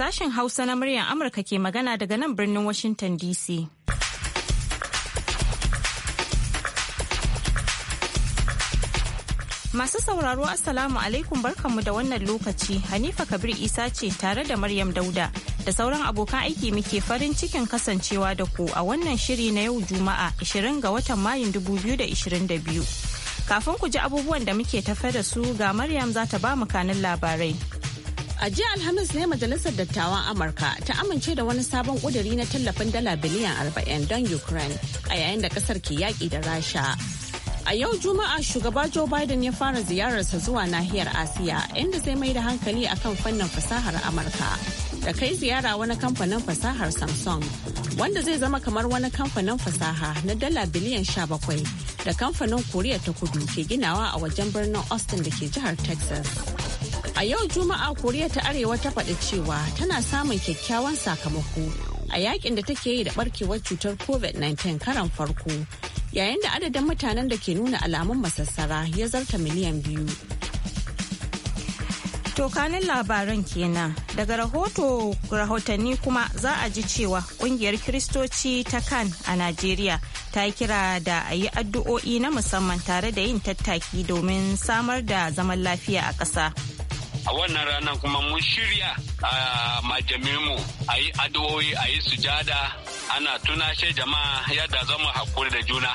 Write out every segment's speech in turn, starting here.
sashen Hausa na muryar Amurka ke magana daga nan birnin Washington DC. Masu sauraro Assalamu alaikum barkanmu da wannan lokaci Hanifa Kabir Isa ce tare da Maryam Dauda da sauran abokan aiki muke farin cikin kasancewa da ku a wannan shiri na yau Juma'a 20 ga watan Mayun 2022. Kafin ku ji abubuwan da muke tafe da su ga Maryam za ta ba mu kanin labarai. A jiya Alhamis ne Majalisar Dattawan Amurka ta amince da wani sabon ƙuduri na tallafin dala biliyan arba'in don Ukraine a yayin da ƙasar ke yaƙi da Rasha. A yau Juma'a shugaba Joe Biden ya fara ziyararsa zuwa nahiyar Asiya inda zai mai da hankali akan fannin fasahar Amurka da kai ziyara wani kamfanin fasahar Samsung wanda zai zama kamar wani kamfanin fasaha na dala biliyan sha-bakwai da kamfanin Koriya ta kudu ke ginawa a wajen birnin Austin da ke jihar Texas. A yau Juma'a Koriya ta Arewa ta faɗi cewa tana samun kyakkyawan sakamako a yakin da take yi da barkewar cutar COVID-19 karan farko yayin da adadin mutanen da ke nuna alamun masassara ya zarta miliyan biyu. Tokanin labaran kenan daga rahoto rahotanni kuma za a ji cewa kungiyar Kiristoci ta kan a Najeriya ta kira da a yi addu'o'i na musamman tare da yin tattaki domin samar da zaman lafiya a ƙasa. a wannan ranar kuma mun shirya a majami'inmu a yi addu'o'i a yi sujada ana tunashe jama'a yadda zama hakuri da juna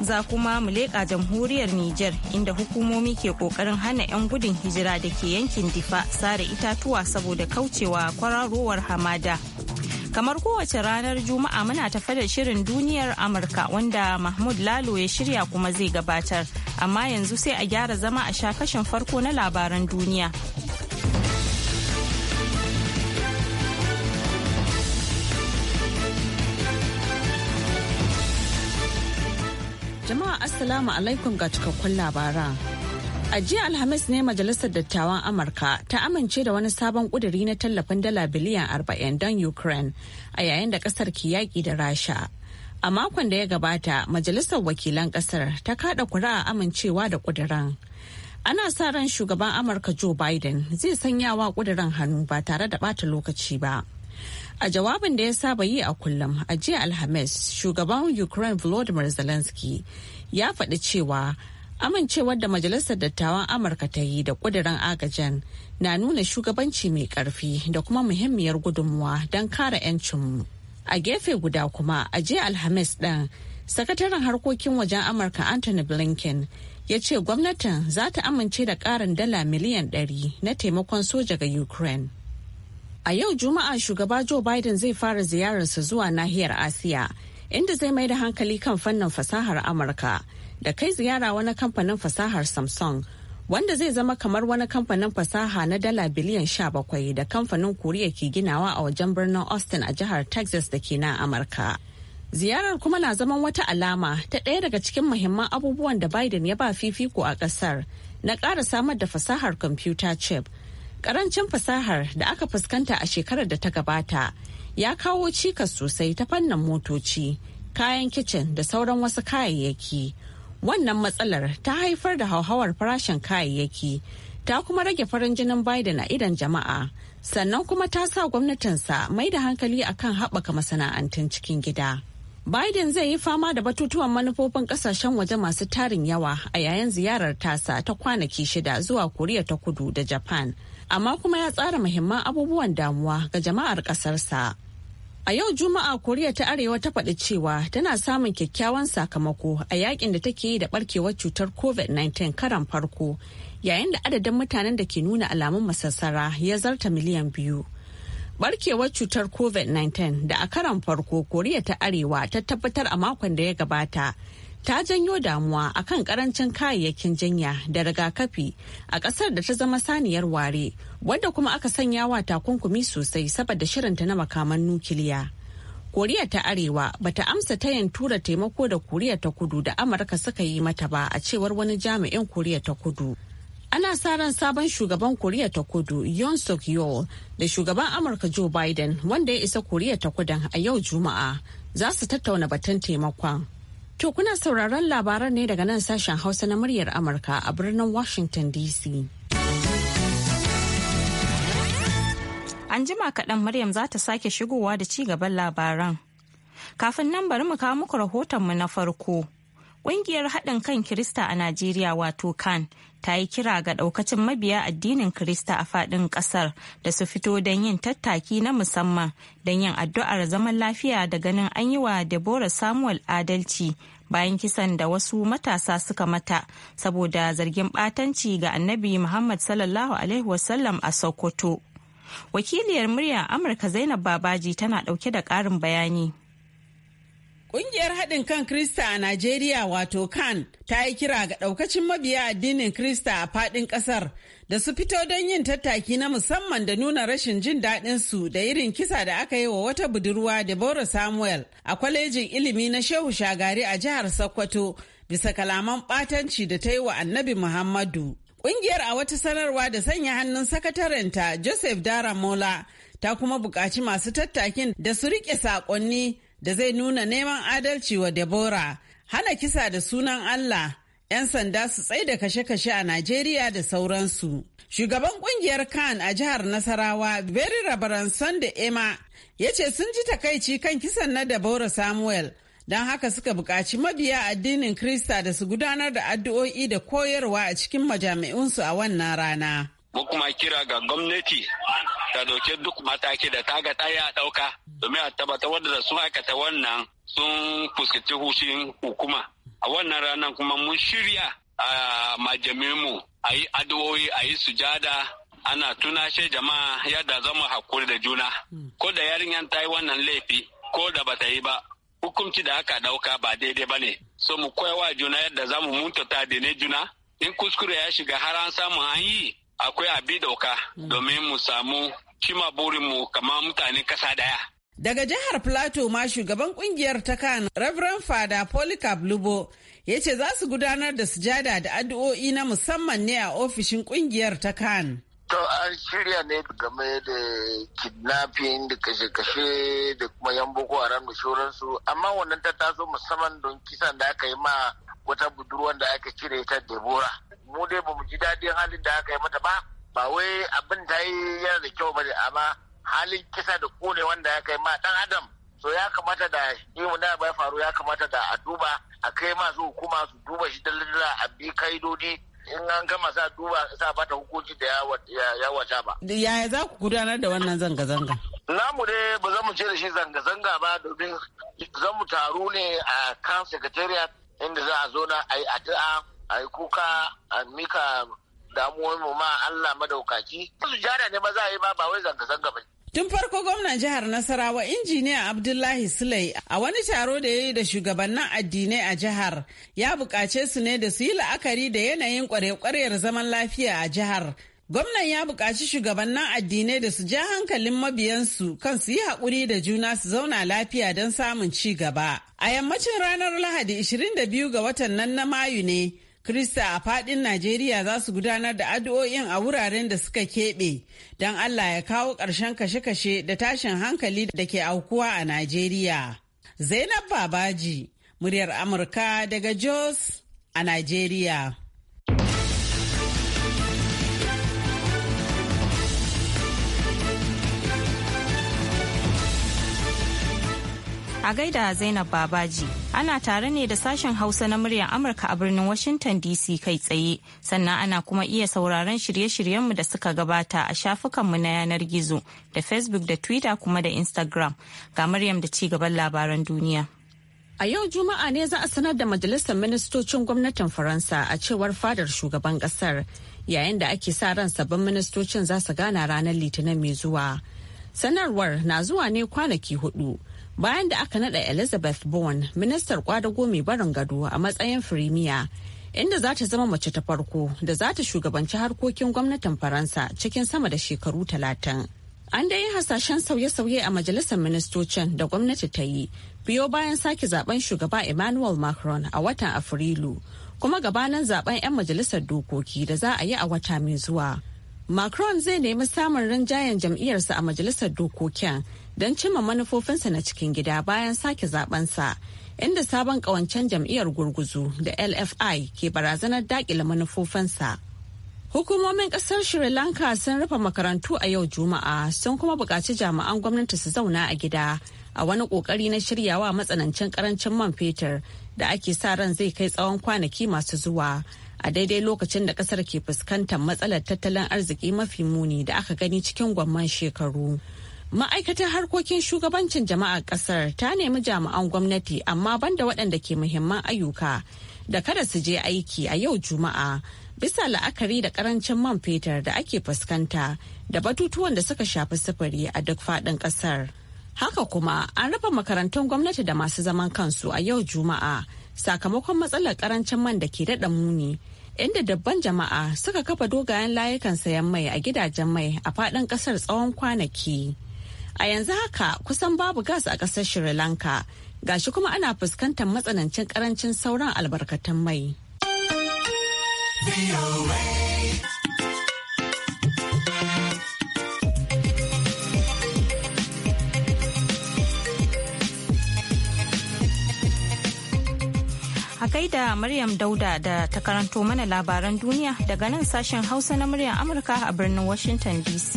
za kuma mu leƙa jamhuriyar Nijar inda hukumomi ke ƙoƙarin hana 'yan gudun hijira da ke yankin difa sare itatuwa saboda kaucewa kwararowar hamada. Kamar kowace ranar Juma'a muna tafa da shirin duniyar Amurka wanda Mahmud Lalo ya shirya kuma zai gabatar. amma yanzu sai a gyara zama a sha kashin farko na labaran duniya. Jama'a Assalamu alaikum ga cikakkun labaran. A jiya Alhamis ne Majalisar Dattawan Amurka ta amince da wani sabon ƙuduri na tallafin dala biliyan 40 don Ukraine a yayin da ƙasar ke yaƙi da Rasha. A makon da ya gabata, Majalisar Wakilan Kasar ta kada a amincewa da kudiran. Ana sa ran shugaban Amurka Joe Biden zai sanyawa kudiran hannu ba tare da bata lokaci ba. A jawabin da ya saba yi a kullum a jiya Alhamis, shugaban Ukraine Volodymyr Zelensky ya faɗi cewa amincewar da Majalisar Dattawan Amurka ta yi da kudiran agajen na nuna shugabanci mai ƙarfi da kuma muhimmiyar gudunmuwa don kare 'yancinmu. a gefe guda kuma a jiya alhamis ɗin sakataren harkokin wajen amurka anthony blinken ya ce gwamnatin za ta amince da ƙarin dala miliyan 100 na taimakon soja ga ukraine a yau juma'a shugaba joe biden zai fara ziyararsa zuwa nahiyar asiya inda zai mai da hankali kan fannin fasahar amurka da kai ziyara wani kamfanin fasahar samsung wanda zai zama kamar wani kamfanin fasaha na dala biliyan 17 da kamfanin koriya ke ginawa a wajen birnin austin a jihar texas da ke na amurka ziyarar kuma na zaman wata alama ta ɗaya daga cikin muhimman abubuwan da biden ya ba fifiko a ƙasar na ƙara samar da fasahar kwamfuta chip ƙarancin fasahar da aka fuskanta a shekarar da ta gabata ya kawo cikas sosai ta fannin motoci kayan kicin da sauran wasu kayayyaki Wannan matsalar ta haifar da hauhawar farashin kayayyaki, ta kuma rage farin jinin Biden a idan jama'a, sannan kuma ta sa gwamnatinsa mai da hankali akan haɓaka masana'antun cikin gida. Biden zai yi fama da batutuwan manufofin kasashen waje masu tarin yawa a yayin ziyarar tasa ta kwanaki shida zuwa Koriya ta kudu da Japan, amma kuma ya tsara muhimman abubuwan damuwa ga jama'ar ƙasarsa. A yau Juma'a Koriya ta Arewa ta faɗi cewa tana samun kyakkyawan sakamako a yakin da take yi da barkewar cutar COVID-19 karan farko yayin da adadin mutanen da ke nuna alamun masassara ya zarta miliyan biyu. Barkewar cutar COVID-19 da a karan farko Koriya ta Arewa ta tabbatar a makon da ya gabata ta janyo damuwa akan karancin kayayyakin jinya da rigakafi a kasar da ta zama saniyar ware wadda kuma aka sanya wa takunkumi sosai saboda shirinta na makaman nukiliya koriya ta arewa bata amsa tayin tura taimako da koriya ta kudu da amurka suka yi mata ba a cewar wani jami'in koriya ta kudu ana sa ran sabon shugaban koriya ta kudu yon suk yol da shugaban amurka joe biden wanda ya isa koriya ta kudan a yau juma'a za su tattauna batun taimakon To kuna sauraron labaran ne daga nan sashen Hausa na muryar Amurka a birnin Washington DC. An jima kaɗan Maryam za ta sake shigowa da ci gaban labaran. Kafin nan bari mu kawo muku rahotonmu na farko. Ƙungiyar haɗin kan Kirista a Najeriya wato KAN, ta yi kira ga ɗaukacin mabiya addinin Kirista a faɗin ƙasar da su fito don yin tattaki na musamman don yin addu'ar zaman lafiya da ganin an yi wa Deborah Samuel adalci bayan kisan da wasu matasa suka mata saboda zargin ɓatanci ga annabi Muhammad sallallahu Alaihi wasallam a Sokoto. Wakiliyar muryar Amurka Zainab Babaji tana ɗauke da ƙarin bayani. Ƙungiyar haɗin kan Krista a Najeriya wato khan ta yi kira ga ɗaukacin mabiya addinin Krista a faɗin ƙasar da su fito don yin tattaki na musamman da nuna rashin jin daɗin su da irin kisa da aka yi wa wata budurwa Deborah Samuel a kwalejin ilimi na Shehu Shagari a jihar Sokoto bisa kalaman ɓatanci da ta yi wa Annabi Muhammadu. Ƙungiyar a wata sanarwa da sanya hannun sakatarenta Joseph Dara Mola ta kuma buƙaci masu tattakin da su riƙe saƙonni da zai nuna neman adalci wa Deborah, hana kisa da sunan Allah, 'yan sanda su da kashe-kashe a Najeriya da sauransu. Shugaban kungiyar Khan a jihar Nasarawa, Beri Rabaran Sunday Emma, ya ce sun ji takaici kan kisan na Deborah Samuel. Don haka suka bukaci mabiya addinin Krista da su gudanar da addu'o'i da koyarwa a cikin majami'unsu a wannan rana. kuma kira ga gwamnati ta dauke duk mataki da ta ga a ɗauka. dauka domin a tabbatar wanda sun aikata wannan sun fuskanci hushin hukuma a wannan ranar kuma mun shirya a majami'inmu a yi addu'o'i a yi sujada ana tuna shi jama'a yadda zama hakuri da juna ko da yarinyar ta yi wannan laifi ko da bata yi ba hukunci da aka ɗauka ba daidai ba ne so mu koya wa juna yadda za mu muntata ta dene juna in kuskure ya shiga har an samu an yi akwai abi dauka hmm. domin mu samu cima burinmu kama mutanen kasa daya. Daga jihar Plateau ma shugaban kungiyar ta kan Reverend Fada Polycarp Lubo ya ce za su gudanar da sujada da addu'o'i na musamman ne a ofishin kungiyar ta kan. To an shirya ne game da kidnapping da kashe-kashe da kuma yan boko haram da shoransu amma wannan ta taso musamman don kisan da aka yi ma wata budurwan da aka cire ta Deborah. dai ba mu ji daɗin halin da aka yi mata ba ba wai abin da yi yana da kyau ba bane amma halin kisa da kone wanda ya kai ma dan adam so ya kamata da shi mu wanda bai faru ya kamata da a duba a kai ma su hukuma su duba shi dalila a bi kaidodi in an gama sa duba sa bata hukunci da ya wata ba. Yaya za ku gudanar da wannan zanga-zanga? Namu dai ba za mu ce da shi zanga-zanga ba domin za mu taru ne a kan secretariat inda za a zo na a addu'a ai kuka a mika damuwar mu ma Allah madaukaki su jara ne ba za a yi ba ba wai zanga zanga ba Tun farko gwamnan jihar Nasarawa injiniya Abdullahi Sulai a wani taro da ya yi da shugabannin addinai a jihar ya buƙace su ne da su yi la'akari da yanayin kware zaman lafiya a jihar. Gwamnan ya buƙaci shugabannin addinai da su ja hankalin mabiyansu kan su yi haƙuri da juna su zauna lafiya don samun ci gaba. A yammacin ranar Lahadi 22 ga watan nan na Mayu ne, Krista a fadin Najeriya za su gudanar da addu'o'in a wuraren da suka keɓe don Allah ya kawo ƙarshen kashe-kashe da tashin hankali da ke aukuwa a Najeriya. Zainab Babaji, muryar Amurka daga Jos a Najeriya. A gaida Zainab Babaji, ana tare ne da sashen Hausa na muryar Amurka a birnin Washington DC kai tsaye, sannan ana kuma iya sauraron shirye-shiryenmu da suka gabata a shafukanmu na yanar gizo da Facebook da Twitter kuma da Instagram. Ga Maryam da ci gaban labaran duniya. A yau Juma'a ne za a sanar da Majalisar Ministocin Gwamnatin Faransa a cewar fadar shugaban kasar yayin da ake sa ran sabbin ministocin za su gana ranar Litinin mai zuwa. Sanarwar na zuwa ne kwanaki hudu bayan da aka nada elizabeth bourne ministar kwadago mai barin gado a matsayin firimiya inda za ta zama mace ta farko da za ta shugabanci harkokin gwamnatin faransa cikin sama da shekaru talatin an dai yi hasashen sauye-sauye a majalisar ministocin da gwamnati ta yi biyo bayan sake zaben shugaba emmanuel macron a watan afrilu kuma gabanin zaben 'yan majalisar dokoki da za a yi a wata mai zuwa Macron zai nemi samun rinjayen jam'iyyarsa a majalisar dokokin don cimma manufofinsa na cikin gida bayan sake zabensa inda sabon kawancen jam'iyyar gurguzu da LFI ke barazanar dakile manufofinsa. Hukumomin kasar Sri Lanka sun rufe makarantu a yau Juma'a sun kuma buƙaci jami'an gwamnati su zauna a gida a wani ƙoƙari na shiryawa matsanancin ƙarancin man fetur da ake sa ran zai kai tsawon kwanaki masu zuwa. a daidai lokacin da kasar ke fuskantar matsalar tattalin arziki mafi muni da aka gani cikin gwamman shekaru. Ma'aikatar harkokin shugabancin jama'ar kasar ta nemi jami'an gwamnati amma banda waɗanda ke muhimman ayyuka da kada su je aiki a yau Juma'a bisa la'akari da karancin man fetur da ake fuskanta da batutuwan da suka shafi sufuri a duk faɗin ƙasar. Haka kuma an rufe makarantun gwamnati da masu zaman kansu a yau Juma'a sakamakon matsalar karancin man da ke dada muni inda dabban jama'a suka kafa dogayen layukan sayan mai a gidajen mai a fadin kasar tsawon kwanaki a yanzu haka kusan babu gas a kasar sri lanka gashi kuma ana fuskantar matsanancin karancin sauran albarkatun mai. A kai da Maryam Dauda da ta karanto mana labaran duniya daga nan sashen Hausa na muryar Amurka a birnin Washington DC.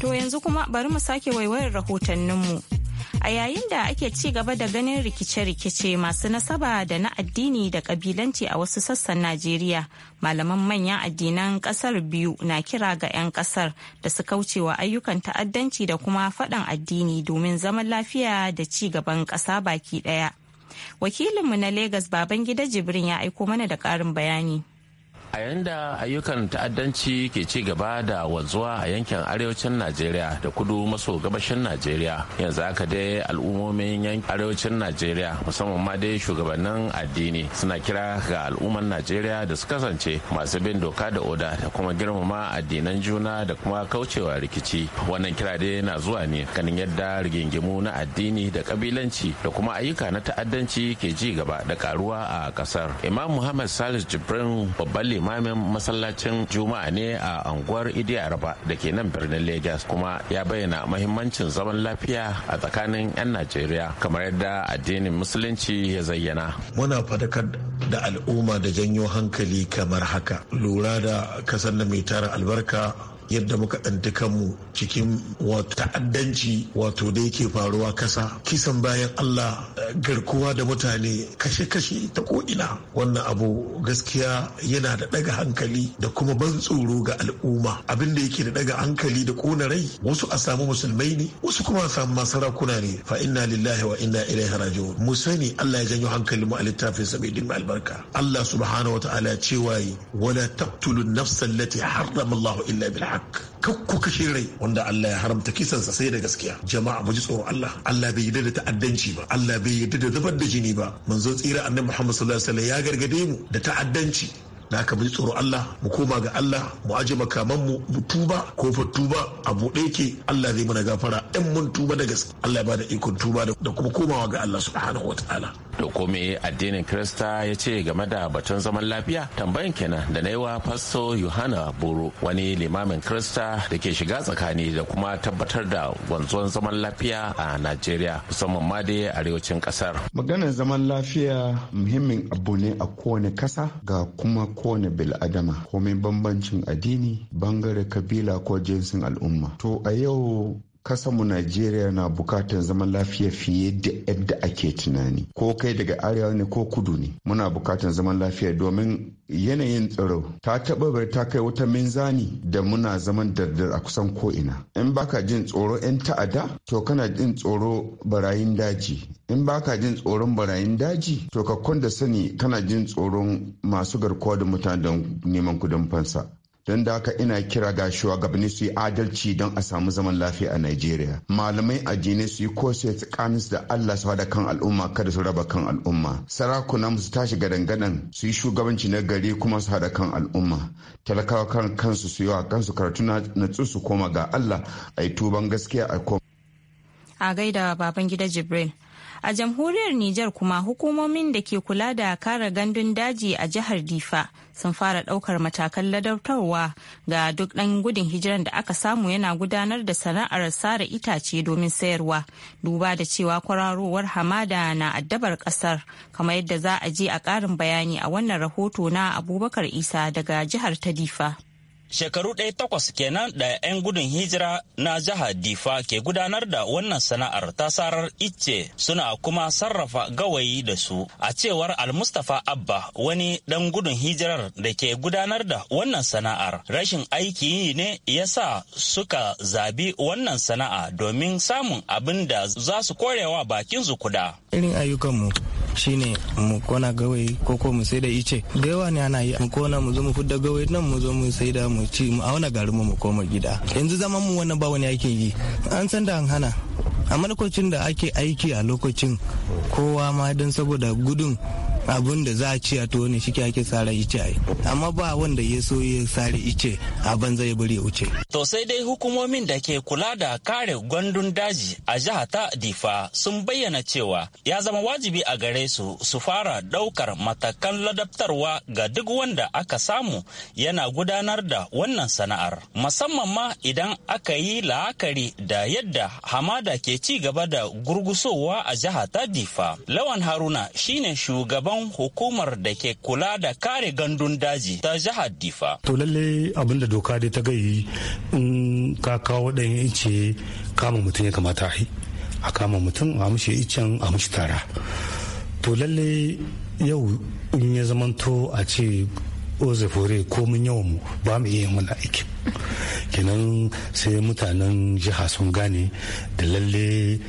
To yanzu kuma bari mu sake waiwayar rahotanninmu. a yayin da ake ci gaba da ganin rikice-rikice masu nasaba da na addini da kabilanci a wasu sassan najeriya malaman manyan addinan kasar biyu na kira ga 'yan kasar da su kaucewa ayyukan ta'addanci da kuma faɗan addini domin zaman lafiya da ci gaban ƙasa baki ɗaya wakilinmu na Legas gida Jibrin ya aiko mana da ƙarin bayani. a yanda ayyukan ta'addanci ke ci gaba da wanzuwa a yankin arewacin najeriya da kudu maso gabashin najeriya yanzu haka dai al'ummomin yankin arewacin najeriya musamman ma dai shugabannin addini suna kira ga al'umman najeriya da su kasance masu bin doka da oda da kuma girmama addinan juna da kuma kaucewa rikici wannan kira dai na zuwa ne ganin yadda rigingimu na addini da kabilanci da kuma ayyuka na ta'addanci ke ci gaba da karuwa a kasar imam muhammad salis jibrin babban limamin masallacin juma'a ne a anguwar idi araba da ke nan birnin lagos kuma ya bayyana mahimmancin zaman lafiya a tsakanin 'yan najeriya kamar yadda addinin musulunci ya zayyana muna fadakar da al'umma da janyo hankali kamar haka lura da kasar da mai tara albarka yadda muka ɗanti kanmu cikin wato ta'addanci wato da yake faruwa kasa kisan bayan allah eh, garkuwa da mutane kashe-kashe ta ko'ina wannan abu gaskiya yana da ɗaga hankali da kuma ban tsoro ga al'umma abin da yake da ɗaga hankali da kona rai wasu a samu musulmai ne wasu kuma a samu masarakuna ne fa inna lillahi wa inna ilaihi raji'un mu sani allah ya janyo hankalin mu a littafin sa mai albarka allah subhanahu wa ta'ala cewa wala taqtulun nafsan lati harrama allah illa bil alhaq kakku kashe rai wanda Allah ya haramta kisansa sai da gaskiya jama'a mu ji tsoron Allah Allah bai yarda da ta'addanci ba Allah bai yarda da zubar da jini ba manzo tsira annabi Muhammad sallallahu alaihi wasallam ya gargade mu da ta'addanci da aka bi tsoro Allah mu koma ga Allah mu aje makaman mu mu tuba ko fa tuba a buɗe yake Allah zai mana gafara in mun tuba da gaske Allah ya bada ikon tuba da kuma komawa ga Allah subhanahu wataala to kome addinin krista ya ce game da batun zaman lafiya tambayan kenan da na yi wa fasto yohana boro wani limamin krista da ke shiga tsakani da kuma tabbatar da wanzuwan zaman lafiya a najeriya musamman ma dai arewacin kasar maganar zaman lafiya muhimmin abu ne a kowane kasa ga kuma kowane bil'adama komai bambancin addini bangare kabila ko jinsin al'umma to a yau Kasan mu najeriya na bukatar zaman lafiya fiye da yadda ake tunani ko kai daga arewa ne ko kudu ne muna bukatar zaman lafiya domin yanayin tsaro ta taɓa bar ta kai wata minzani da muna zaman dardar a kusan ko'ina in baka jin tsoro 'yan ta'ada to kana jin tsoro barayin daji in baka jin tsoron barayin daji to ka kwanda sani kana jin tsoron masu garkuwa da mutanen don neman kudin fansa don da haka ina kira ga shugabanni su yi adalci don a samu zaman lafiya a Najeriya. Malamai addinai su yi kose tsakanin da Allah su da kan al'umma kada su raba kan al'umma. Sarakuna su tashi gadan-gadan su yi shugabanci na gari kuma su haɗa kan al'umma. Talakawa kan kansu su yi wa kansu karatu na su koma ga Allah a yi tuban gaskiya a koma. A gaida baban gida Jibril. A jamhuriyar Nijar kuma hukumomin da ke kula da kare gandun daji a jihar Difa sun fara ɗaukar matakan ladautarwa ga duk ɗan gudun hijiran da aka samu yana gudanar da sana'ar sare itace domin sayarwa duba da cewa kwararowar hamada na addabar ƙasar kamar yadda za a je a ƙarin bayani a wannan rahoto na abubakar isa daga jihar tadifa. shekaru ɗaya takwas kenan da 'yan gudun hijira na jihar difa ke gudanar da wannan sana'ar ta sarar icce suna kuma sarrafa gawayi da su a cewar almustafa abba wani ɗan gudun hijirar da ke gudanar da wannan sana'ar rashin aiki ne ya sa suka zabi wannan sana'a domin samun abin da za su korewa bakin su kuda irin ayyukanmu shine mu kona gawayi ko ko mu sai da ice da yawa ne ana yi mu kona mu zo mu fudda gawayi nan mu zo mu sai da mu mu ci mu auna garin mu mu koma gida yanzu zaman mu wannan ba wani ake yi an san da an hana a lokacin da ake aiki a lokacin kowa ma don saboda gudun abin da za a ci a to ne shi ake sare ice yi amma ba wanda ya so ya sare ice a banza ya bari wuce to sai dai hukumomin da ke kula da kare gwandun daji a jiha ta difa sun bayyana cewa ya zama wajibi a gare su su fara daukar matakan ladabtarwa ga duk wanda aka samu yana gudanar da wannan sana'ar musamman ma idan aka yi la'akari da yadda hamada ke ci gaba da gurgusowa a jiha ta difa lawan haruna shine shugaban shugaban hukumar da ke kula da kare gandun daji ta jihar Difa. To lalle abin da doka dai ta gayi in ka kawo ɗan ice kama mutum ya kamata a yi. A kama mutum a mushe icen a mushe tara. To lalle yau in ya zamanto a ce ozefore ko mun yawan mu ba mu iya wani aikin kenan sai mutanen jiha sun gane da lalle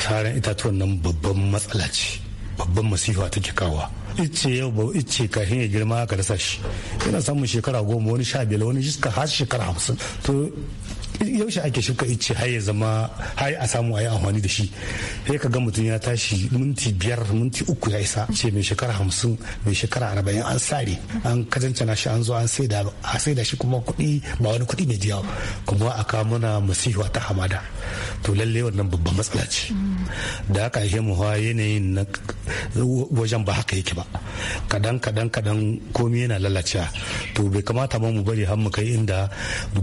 saran itatuwan nan babban matsala ce babban masifa take kawa ice yau ba ice kafin ya girma ka rasa shi yana samun shekara goma wani sha biyar wani jiska har shekara hamsin to yaushe ake shuka ice har ya zama har a samu a yi amfani da shi sai ka ga mutum ya tashi minti biyar minti uku ya isa ce mai shekara hamsin mai shekara arba'in an sare an na shi an zo an saida da saida shi kuma kuɗi ba wani kuɗi mai jiyawa kuma a kawo mana masihuwa ta hamada to lalle wannan babban matsala ce da haka ihe mu yanayin na wajen ba haka yake ba kadan kadan kadan komai yana lalacewa to bai kamata ma mu bari har mu kai inda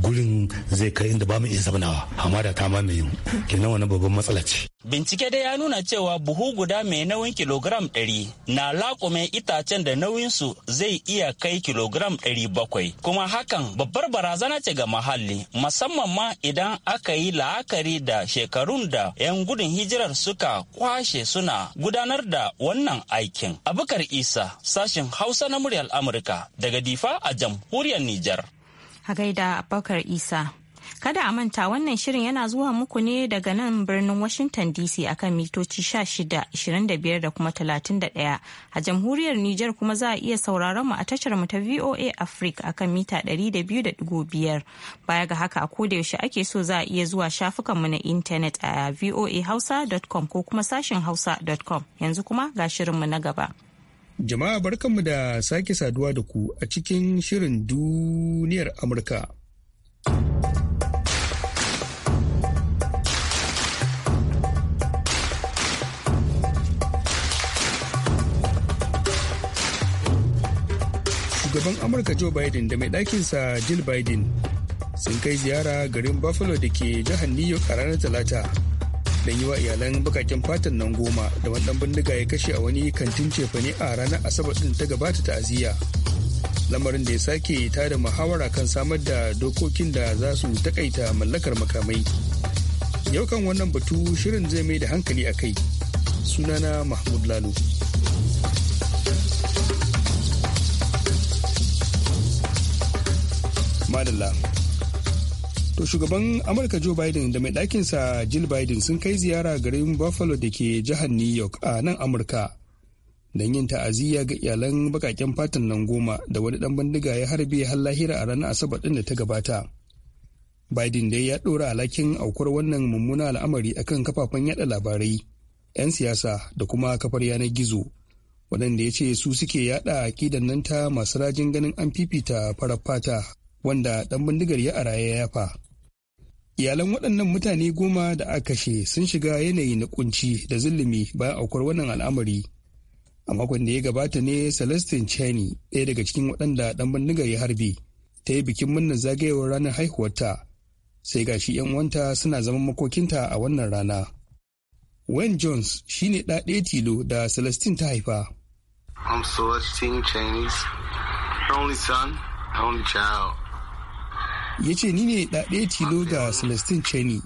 gurin zai kai inda da ba mu iya zamanawa hamada ta mamaye kenan wani babban matsala ce bincike dai ya nuna cewa buhu guda mai nauyin kilogram 100 na lakume itacen da nauyinsu zai iya kai kilogram bakwai. kuma hakan babbar barazana ce ga muhalli musamman ma idan aka yi la'akari da shekarun da 'yan gudun hijirar suka kwashe suna gudanar da wannan aikin abukar isa sashen hausa na muryar amurka daga difa a jamhuriyar nijar a gaida abubakar isa Kada a manta wannan shirin yana zuwa muku ne daga nan birnin Washington DC akan mitoci 16, da kuma 31. A jamhuriyar Nijar kuma za a iya sauraron mu a tashar mu ta VOA Africa akan mita 200.5. Baya ga haka a kodayaushe yaushe ake so za a iya zuwa shafukan mu na intanet a voahausa.com ko kuma sashin hausa.com. Yanzu kuma ga shirin mu na gaba. Jama'a barkanmu da sake saduwa da ku a cikin shirin duniyar Amurka. shugaban amurka joe biden da mai ɗakinsa jill biden sun kai ziyara garin buffalo da ke jihar new york a ranar talata don yi wa iyalan bukakin fatan nan goma da wani bindiga ya kashe a wani kantin cefane a ranar asabar din ta gabata ta'aziyya lamarin da ya sake ta da muhawara kan samar da dokokin da za su takaita mallakar makamai yau kan wannan batu shirin zai mai da hankali a kai sunana mahmud Lalo. madalla to shugaban amurka joe biden da mai ɗakinsa jill biden sun kai ziyara garin buffalo da ke jihar new york a nan amurka don yin ta'aziyya ga iyalan bakaken fatan nan goma da wani ɗan bindiga ya harbe har lahira a ranar asabar ɗin da ta gabata biden dai ya ɗora alakin aukuwar wannan mummuna al'amari akan kafafen yada labarai 'yan siyasa da kuma kafar yanar gizo waɗanda ya ce su suke yada aƙidan nan ta masu rajin ganin an fifita farar fata wanda ɗan bindigar ya araya ya yafa. Iyalan waɗannan mutane goma da aka kashe sun shiga yanayi na kunci da zulumi bayan aukuwar wannan al'amari. A makon da ya gabata ne Celestine Cheney ɗaya daga cikin waɗanda ɗan bindigar ya harbi ta yi bikin murnar zagayewar ranar haihuwarta. Sai gashi 'yan uwanta suna zama makokinta a wannan rana. Wayne Jones shi ne ɗa tilo da Celestine ta haifa. I'm Celestine Cheney's only son, only child. ya ce ni ne ɗaɗe tilo ga celestine cheney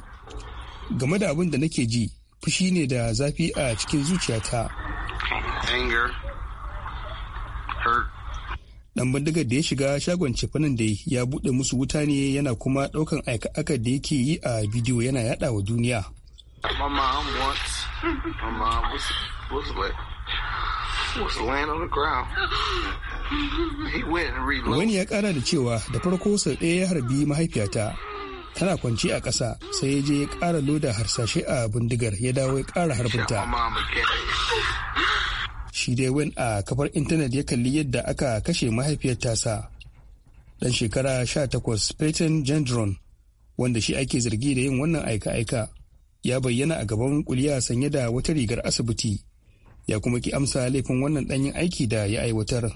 game da abin da nake ji fushi ne da zafi a cikin zuciyata dan bindigar da ya shiga shagon cefanin da ya buɗe musu wuta ne yana kuma ɗaukan aika aka da yake yi a bidiyo yana yada wa duniya Wani ya kara da cewa da farko sau ɗaya ya harbi mahaifiyata. Tana kwanci a ƙasa sai ya je ya ƙara loda harsashe a bindigar ya dawo ya ƙara harbinta. Shi dai wani a kafar intanet ya kalli yadda aka kashe mahaifiyar tasa. Dan shekara 18 Peyton Gendron wanda shi ake zargi da yin wannan aika-aika ya bayyana a gaban kuliya sanye da wata rigar asibiti ya kuma ki amsa laifin wannan ɗanyen aiki da ya aiwatar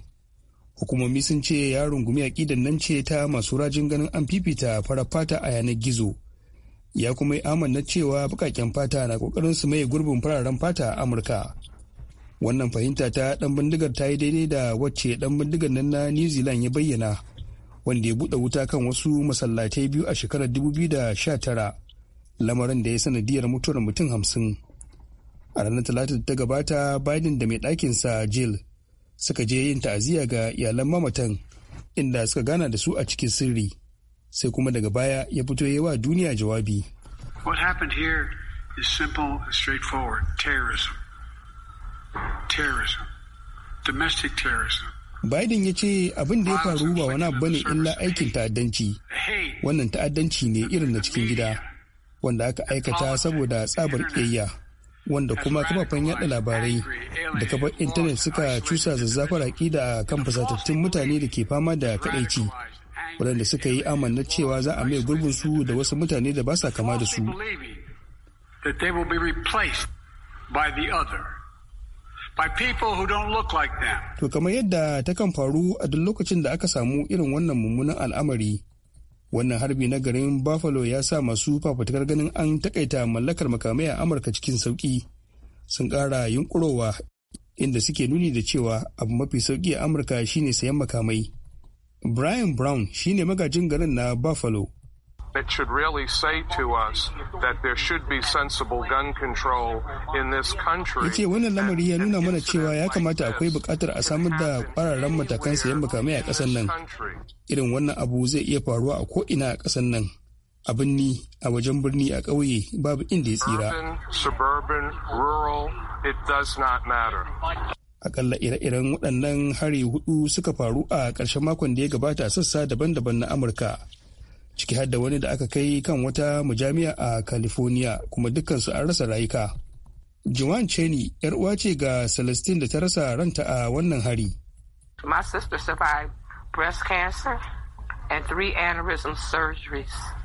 hukumomi sun ce ya rungumi aƙidan nan ce ta masu rajin ganin an fifita farar fata a yanar gizo ya kuma yi amanna cewa bukaken fata na kokarin su mai gurbin fararen fata a amurka wannan fahimta ta dan bindigar ta yi daidai da wacce dan bindigar nan na new zealand ya bayyana wanda ya buɗe wuta kan wasu masallatai biyu a shekarar dubu da sha tara. lamarin da ya sanadiyar mutuwar mutum hamsin a ranar talata da ta gabata biden da mai ɗakinsa jill suka je yin ta'aziyya ga iyalan mamatan inda suka gana da su a cikin sirri sai kuma daga baya ya fito yi wa duniya jawabi what happened here is simple and straightforward Biden ya ce abin da ya faru ba wani abu bane illa aikin ta'addanci wannan ta'addanci ne irin na cikin gida wanda aka aikata saboda tsabar ƙiyayya wanda kuma kafafen yada labarai da kafar intanet suka cusa zazzafar aƙida a kan fasatattun mutane da ke fama da kadaici waɗanda suka yi amanna cewa za a mai gurbin su da wasu mutane da ba sa kama da su To kamar yadda ta kan faru a duk lokacin da aka samu irin wannan mummunan al'amari wannan harbi na garin buffalo ya sa masu fafutukar ganin an takaita mallakar makamai a amurka cikin sauki sun kara yunkurowa inda suke nuni da cewa abu mafi sauki a amurka shine sayan makamai brian brown shine magajin garin na buffalo that should really say to us that there should be sensible gun control in this country. wannan lamari ya nuna mana cewa ya kamata akwai bukatar a samar da kwararren matakan sayan makamai a ƙasan nan. Irin wannan abu zai iya faruwa a ko'ina a ƙasan nan. A birni, a wajen birni, a ƙauye, babu inda ya tsira. akalla ire-iren waɗannan hari hudu suka faru a ƙarshen makon da ya gabata a sassa daban-daban na amurka ciki har da wani da aka kai kan wata mujamiya a california kuma dukkansu an rasa rayuka joan cheney yar uwa ce ga celestine da ta rasa ranta a wannan hari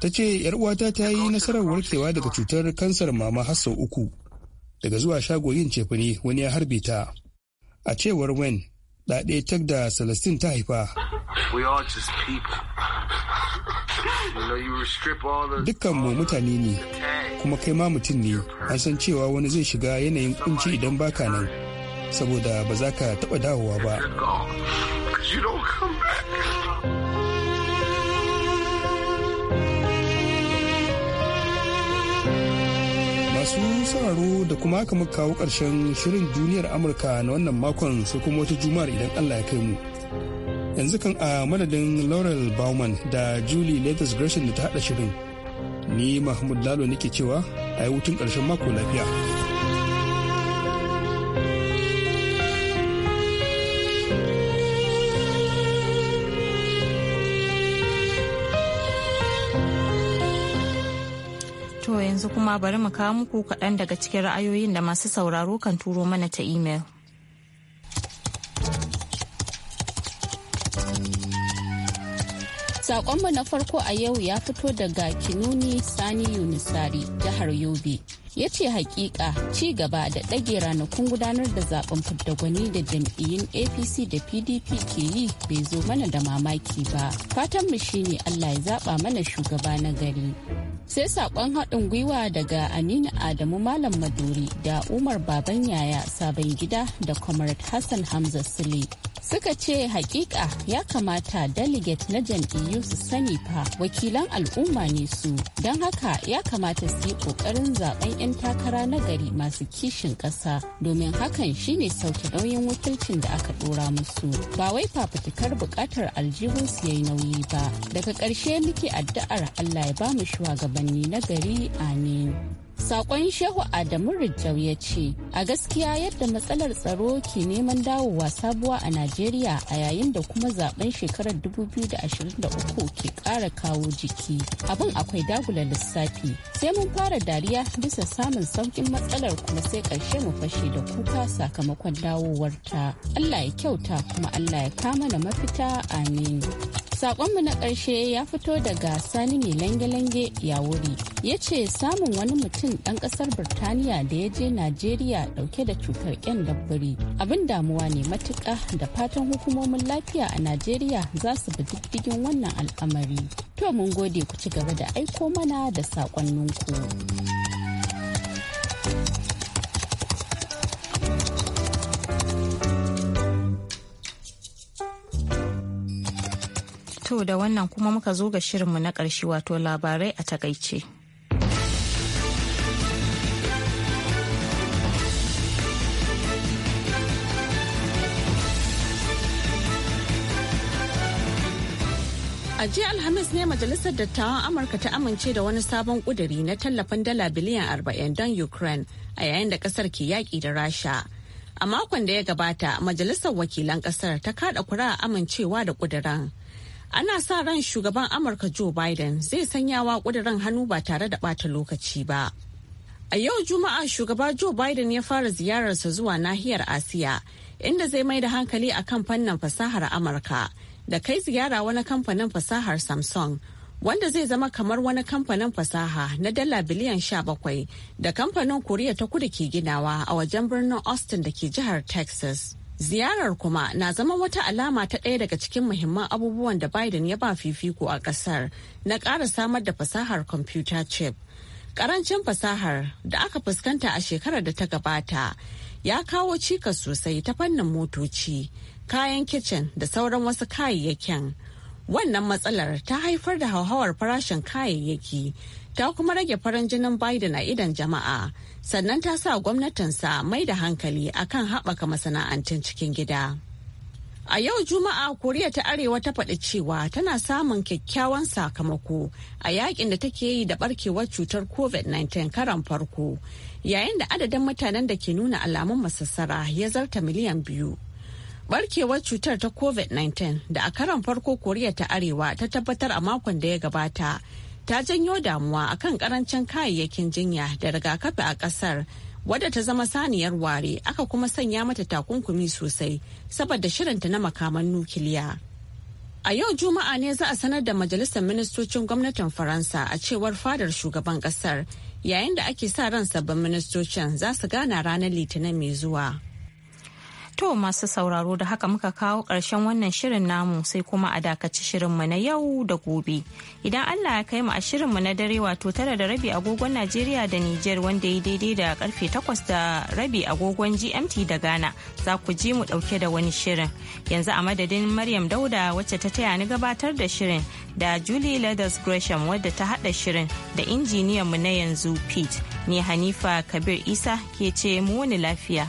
ta ce yar uwata ta yi nasarar warkewa daga cutar kansar mama har sau uku daga zuwa shago yin cefane wani ya harbe ta a cewar wen da tak da celestine ta haifa dukkanmu mutane ne kuma kai ma mutum ne an san cewa wani zai shiga yanayin kunci idan baka nan saboda ba za ka taɓa dawowa ba masu sauraro da kuma aka muka kawo ƙarshen shirin duniyar amurka na wannan makon sai kuma wata juma'ar idan allah ya kai mu yanzu kan a madadin laurel bauman da julie latest gresham da ta haɗa shirin ni mahmud lalo nake cewa a yi hutun ƙarshen mako lafiya To yanzu kuma bari mu kawo muku kaɗan daga cikin ra'ayoyin da masu sauraro kan turo mana ta imel. Sakonmu na farko a yau ya fito daga Kinuni Sani Yunisari, jihar Yobe. ya ce hakika ci gaba da ɗage ranakun gudanar da zaben fidda da jam'iyyun apc da pdp ke yi bai zo mana da mamaki ba fatanmu shine allah ya zaba mana shugaba na gari sai saƙon haɗin gwiwa daga aminu adamu malam maduri da umar baban yaya sabon gida da comrade hassan hamza sule suka ce hakika ya kamata delegate na jam'iyyu su sani fa wakilan al'umma ne su don haka ya kamata su yi kokarin zaben 'yan takara na gari masu kishin ƙasa domin hakan shine sauke nauyin wakilcin da aka dora musu ba wai fafutukar buƙatar aljihun su yayi nauyi ba daga ƙarshe muke addu'ar allah ya ba mu shugabanni na gari amin Sakon Shehu Adamu Rijau ya ce, A gaskiya yadda matsalar tsaro ke neman dawowa sabuwa a Najeriya a yayin da kuma zaben shekarar 2023 ke ƙara kawo jiki. Abin akwai dagula lissafi. Sai mun fara dariya bisa samun saukin matsalar kuma sai ƙarshe mu fashe da kuka sakamakon dawowarta. Allah ya kyauta kuma Allah ya kama da mafita amin. Sakonmu na ƙarshe ya fito daga Sani mai lange-lange ya wuri. Ya ce samun wani mutum ɗan ƙasar Birtaniya da ya je Najeriya ɗauke da cutar ƙyan dabbari. Abin damuwa ne matuƙa da fatan hukumomin lafiya a Najeriya za su bi diddigin wannan al'amari. To mun gode ku ci gaba da aiko mana da saƙonninku. To da wannan kuma muka zo ga shirinmu na ƙarshe wato labarai a takaice. A jiya Alhamis ne Majalisar Dattawan Amurka ta amince da wani sabon kuduri na tallafin dala biliyan arba'in don Ukraine a yayin da kasar ke yaƙi da Rasha. A makon da ya gabata, Majalisar Wakilan ƙasar ta kada kura amincewa da kuduran. ana sa ran shugaban amurka joe biden zai sanyawa kudirin hannu ba tare da bata lokaci ba a yau juma'a shugaba joe biden ya fara ziyararsa zuwa nahiyar asiya inda zai mai da hankali a kan fannin fasahar amurka da kai ziyara wani kamfanin fasahar samsung wanda zai zama kamar wani kamfanin fasaha na dala biliyan sha bakwai da kamfanin koriya ta kudu ke ginawa a wajen birnin austin da ke jihar texas Ziyarar kuma na zama wata alama ta ɗaya daga cikin muhimman abubuwan da Biden ya ba fifiko a ƙasar na ƙara samar da fasahar kwamfuta chip. Ƙarancin fasahar da aka fuskanta a shekarar da ta gabata ya kawo cikas sosai ta fannin motoci, kayan kicin da sauran wasu kayayyakin. Wannan matsalar ta haifar da hauhawar farashin kayayyaki ta kuma rage farin jinin Biden a idon jama'a sannan ta sa gwamnatinsa mai da hankali akan haɓaka masana'antun cikin gida. A yau Juma'a Koriya ta Arewa ta faɗi cewa tana samun kyakkyawan sakamako a yakin da take yi da barkewar cutar COVID-19 karan farko, yayin da adadin mutanen da ke nuna alamun masassara ya zarta miliyan biyu. Barkewar cutar ta COVID-19 da a karan farko Koriya ta Arewa ta tabbatar a makon da ya gabata ta janyo damuwa akan karancin kayayyakin jinya da rigakafi a kasar wadda ta zama saniyar ware aka kuma sanya mata takunkumi sosai saboda shirinta na makaman nukiliya. A yau Juma'a ne za a sanar da Majalisar Ministocin Gwamnatin Faransa a cewar fadar shugaban kasar yayin da ake sa ran sabbin ministocin za su gana ranar Litinin mai zuwa. To masu sauraro da haka muka kawo ƙarshen wannan shirin namu sai kuma a dakaci shirinmu na yau da gobe. Idan Allah ya kai mu a shirinmu na dare wato tara da rabi agogon Najeriya da Nijar wanda ya daidai da karfe takwas da rabi agogon GMT da Ghana za ku ji mu ɗauke da wani shirin. Yanzu a madadin Maryam Dauda wacce ta taya ni gabatar da shirin da Julie Leathers Gresham wadda ta haɗa shirin da injiniyan mu na yanzu Pete. ne Hanifa Kabir Isa ke ce mu wani lafiya.